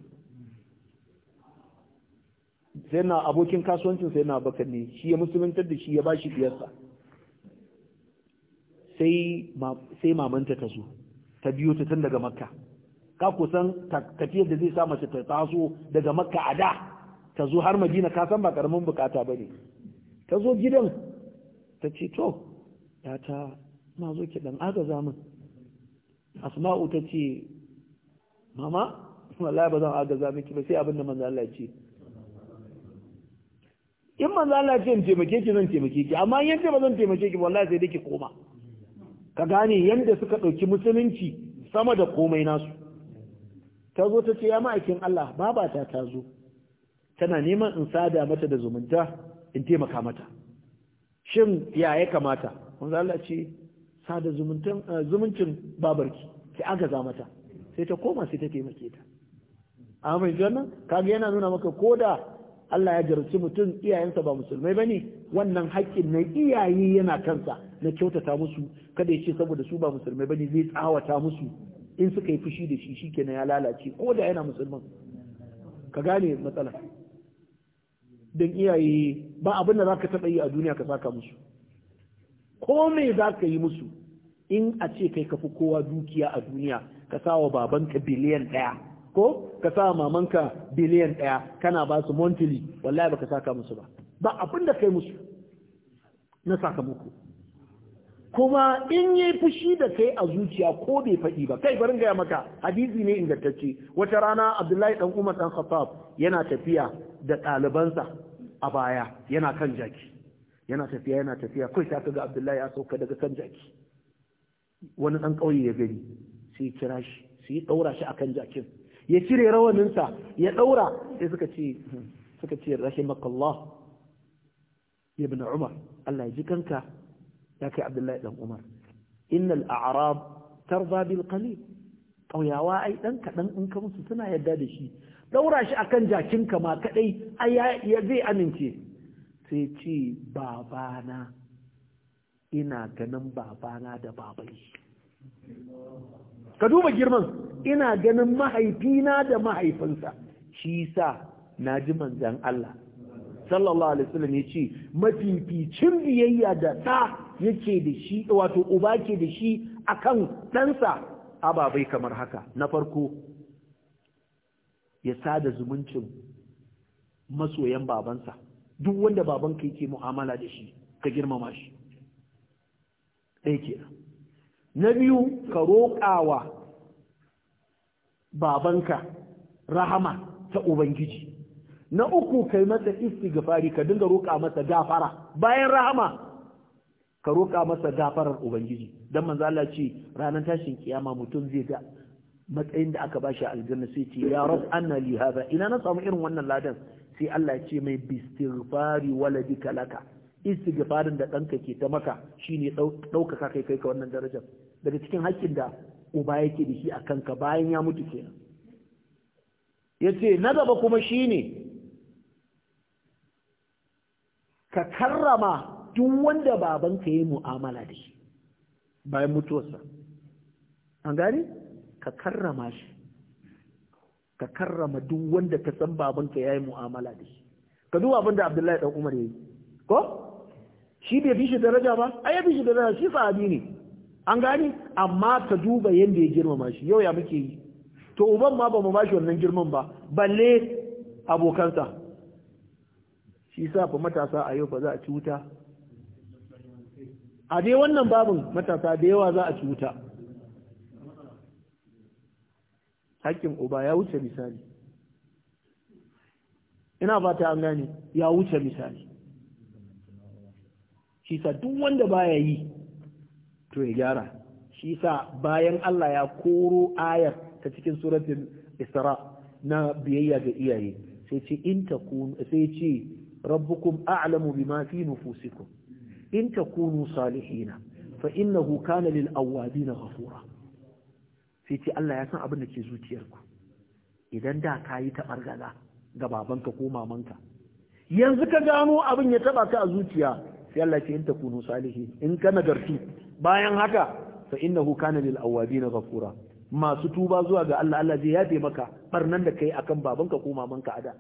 sai na abokin kasuwancin sai na baka ne shi ya musulmantar da shi ya bashi biyarsa sai mamanta ta zo ta biyo ta tun daga makka ka kusan tafiyar da zai sa mace ta taso daga makka a da ta zo har madina ka san ba karamin bukata ba ne ta zo gidan ta ce to ya ta na zo ki dan agaza min asma'u ta ce mama wallahi ba zan agaza miki ba sai abin da manzo Allah ce in manzo Allah ce in taimake ki zan taimake ki amma in ba zan taimake ki wallahi sai dake koma ka gane yanda suka dauki musulunci sama da komai nasu ta zo ta ce ya ma'aikin Allah babata ta zo tana neman in sada mata da zumunta in taimaka mata shin ya ya kamata manzo Allah ce sada eh, zumuncin babarki ki, aka za mata sai ta koma sai ta taimake ta amma jannan kaga yana nuna maka ko da Allah ya jarci mutum iyayensa ba musulmai bane wannan haƙƙin na iyaye yana kansa na kyautata musu kada ya ce saboda su ba musulmai bane zai tsawata musu in suka yi fushi da shi shikenan ya lalace koda yana musulman ka gane matsala don iyaye ba abin da za ka taɓa yi a duniya ka saka musu ko me za ka yi musu in a ce kai kafi kowa dukiya a duniya ka sa wa babanka biliyan ɗaya ko ka sa mamanka biliyan ɗaya kana ba su montili wallahi baka saka musu ba ba abin da kai musu na sakamako kuma in yi fushi da kai a zuciya ko bai faɗi ba kai barin gaya maka hadisi ne ingantacce wata rana abdullahi dan umar dan khattab yana tafiya da ɗalibansa a baya yana kan jaki yana tafiya yana tafiya kai ta ga abdullahi ya sauka daga kan jaki wani ɗan ƙauye ya gani sai kira shi sai ɗaura shi akan jakin ya cire rawaninsa ya ɗaura sai suka ce hmm, suka ce rahimakallah ibn umar Allah ya ji kanka ya kai abdullahi dan umar innal a'rab tarza bil qalil ƙauyawa ai ɗan kaɗan in ka musu suna yarda da shi ɗaura shi akan jakinka ma kaɗai ai ya zai amince sai ce babana ina ganin babana da babai ka duba girman ina ganin mahaifina da mahaifinsa shi sa na ji manzan Allah sallallahu alaihi wasallam ya ce mafificin biyayya da ta yake da shi wato uba ke da shi akan ɗansa ababai kamar haka na farko ya sada zumuncin masoyan babansa duk wanda babanka yake mu'amala da shi ka girmama shi ɗaya ke na biyu ka roƙawa babanka rahama ta ubangiji na uku kai masa istighfari ka dinga roƙa masa gafara bayan rahama ka roƙa masa gafarar ubangiji dan manzo Allah ce ranar tashin kiyama mutum zai ga matsayin da aka bashi aljanna sai ce ya rab anna li hada ina na samu irin wannan ladan sai Allah ce mai wala waladi laka istighfarin da ɗanka ke ta maka shine ɗaukaka kai kai ka wannan darajar daga cikin haƙƙin da uba yake da shi a kanka bayan ya mutu kenan yace na gaba kuma shine ka karrama duk wanda babanka ya mu'amala da shi bayan mutuwarsa an gane ka karrama shi ka karrama duk wanda ka san babanka yayi mu'amala da shi ka duba abin da Abdullahi dan Umar yayi ko shi bai fi daraja ba ai bi shi daraja shi sahabi ne an gani amma ka duba yanda ya girmama shi yau ya muke yi to uban ma ba mu bashi wannan girman ba balle abokansa shi sa fa matasa a yau fa za a ci wuta a dai wannan babin matasa da yawa za a ci wuta haƙƙin uba ya wuce misali ina fata an gane ya wuce misali shi sa duk wanda baya yi to ya gyara shi sa bayan Allah ya koro ayar ta cikin suratul Isra na biyayya ga iyaye sai ce in takun sai ce rabbukum a'lamu bima fi nufusikum in takunu salihina fa innahu kana lil awabin ghafura sai ce Allah ya san abin da ke zuciyarku idan da ka yi gaza ga babanka ko mamanka yanzu ka gano abin ya taɓa ka a zuciya sai Allah ce in takunu salihi in ka nagartu bayan haka fa innahu kana lil awabin ghafura masu tuba zuwa ga Allah Allah zai yafe maka barnan da kai akan babanka ko mamanka ada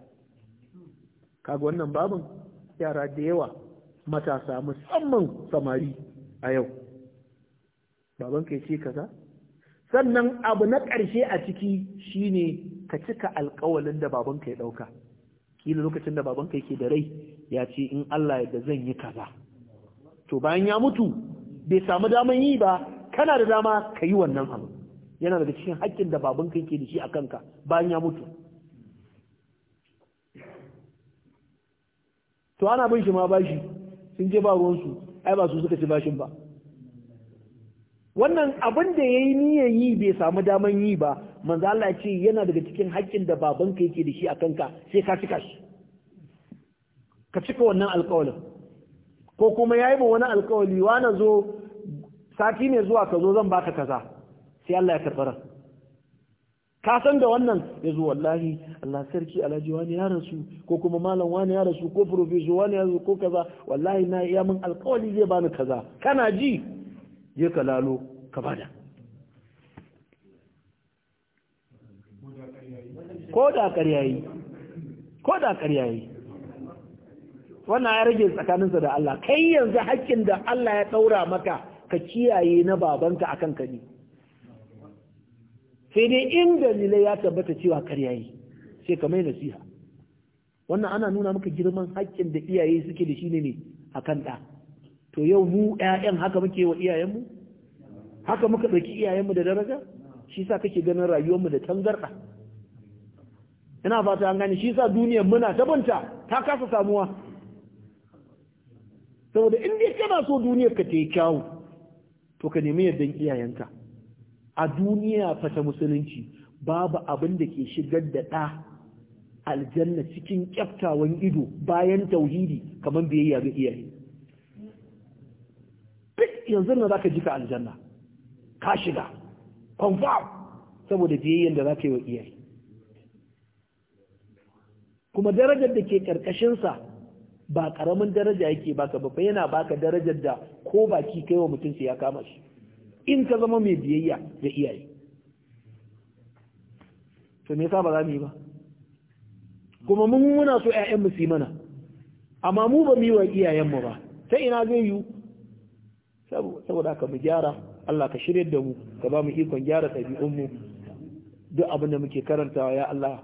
kaga wannan babin yara da yawa matasa musamman samari a yau babanka ya ce kaza sannan abu na ƙarshe a ciki shine ka cika alƙawalin da babanka ya ɗauka kila lokacin da babanka yake da rai ya ce in Allah yadda zan yi kaza to bayan ya mutu bai samu daman yi ba kana da dama ka yi wannan abu yana daga cikin haƙƙin da babanka yake da shi a kanka bayan ya mutu to ana bin shi ma bashi sun je ba ruwansu ai ba su suka ci bashin ba wannan abin da ya yi niyyar yi bai samu daman yi ba manzo Allah ya ce yana daga cikin haƙƙin da babanka yake da shi a kanka sai ka cika shi ka cika wannan alƙawarin ko kuma yayi ma wani alƙawari wa na zo sati ne zuwa ka zo zan baka kaza sai Allah ya karɓa ka san da wannan ya zo wallahi Allah sarki alhaji wani ya rasu ko kuma malam wani ya rasu ko professor wani ya rasu ko kaza wallahi na iya min alƙawari zai bani kaza kana ji je ka lalo ka bada ko da karyayi ko da yi, wannan ya rage tsakaninsa da Allah kai yanzu haƙƙin da Allah ya ɗaura maka ka kiyaye na babanka a kan ne sai dai in dalilai ya tabbata cewa karyayi sai ka mai nasiha wannan ana nuna maka girman haƙƙin da iyaye suke da shi ne a kan ɗa to yau mu ƴaƴan haka muke wa iyayenmu haka muka ɗauki iyayenmu da daraja shi sa kake ganin rayuwarmu da tangarɗa ina fata an gane shi sa duniyar muna tabanta ta kasa samuwa saboda in dai kana so duniyar ka ta yi kyawu to ka nemi yardan iyayenka a duniya fata musulunci babu abin da ke shigar da ɗa aljanna cikin kyaftawan ido bayan tauhidi kamar biyayya ga iyaye yanzu na zaka ka aljanna ka shiga confirm saboda biyayyen da zaka yi wa iyaye kuma darajar da ke karkashin sa ba karamin daraja yake baka ba yana baka darajar da ko baki kai wa mutum ya kama shi in ka zama mai biyayya da iyaye to me yasa ba za mu yi ba kuma mun muna so ƴaƴan mu su mana amma mu ba mu yi wa iyayen mu ba ta ina zai yi saboda ka mu gyara Allah ka shirye da mu ka ba mu ikon gyara ɗabi'unmu duk abin da muke karantawa ya Allah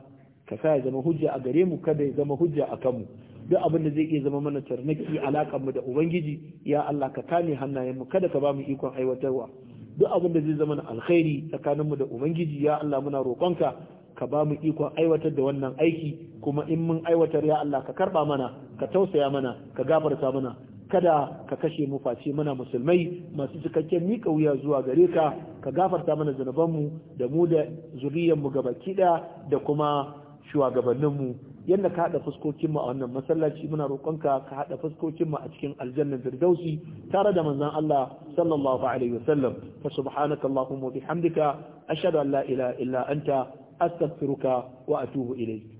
ka sa ya zama hujja a gare mu kada ya zama hujja a kanmu duk abin da zai iya zama mana tarnaki alakan mu da ubangiji ya Allah ka kame hannayen mu kada ka ba mu ikon aiwatarwa duk abin da zai zama na alkhairi tsakanin mu da ubangiji ya Allah muna roƙonka ka ba mu ikon aiwatar da wannan aiki kuma in mun aiwatar ya Allah ka karba mana ka tausaya mana ka gafarta mana kada ka kashe mu face mana musulmai masu cikakken mika wuya zuwa gare ka ka gafarta mana mu da mu da zuriyarmu gabaki ɗaya da kuma shugabanninmu yadda ka haɗa fuskokinmu a wannan masallaci muna roƙonka ka haɗa fuskokinmu a cikin aljannar firdausi tare da manzon Allah sallallahu alaihi wasallam fa subhanaka allahumma bihamdika ashhadu an la ilaha illa anta astaghfiruka wa atubu ilayk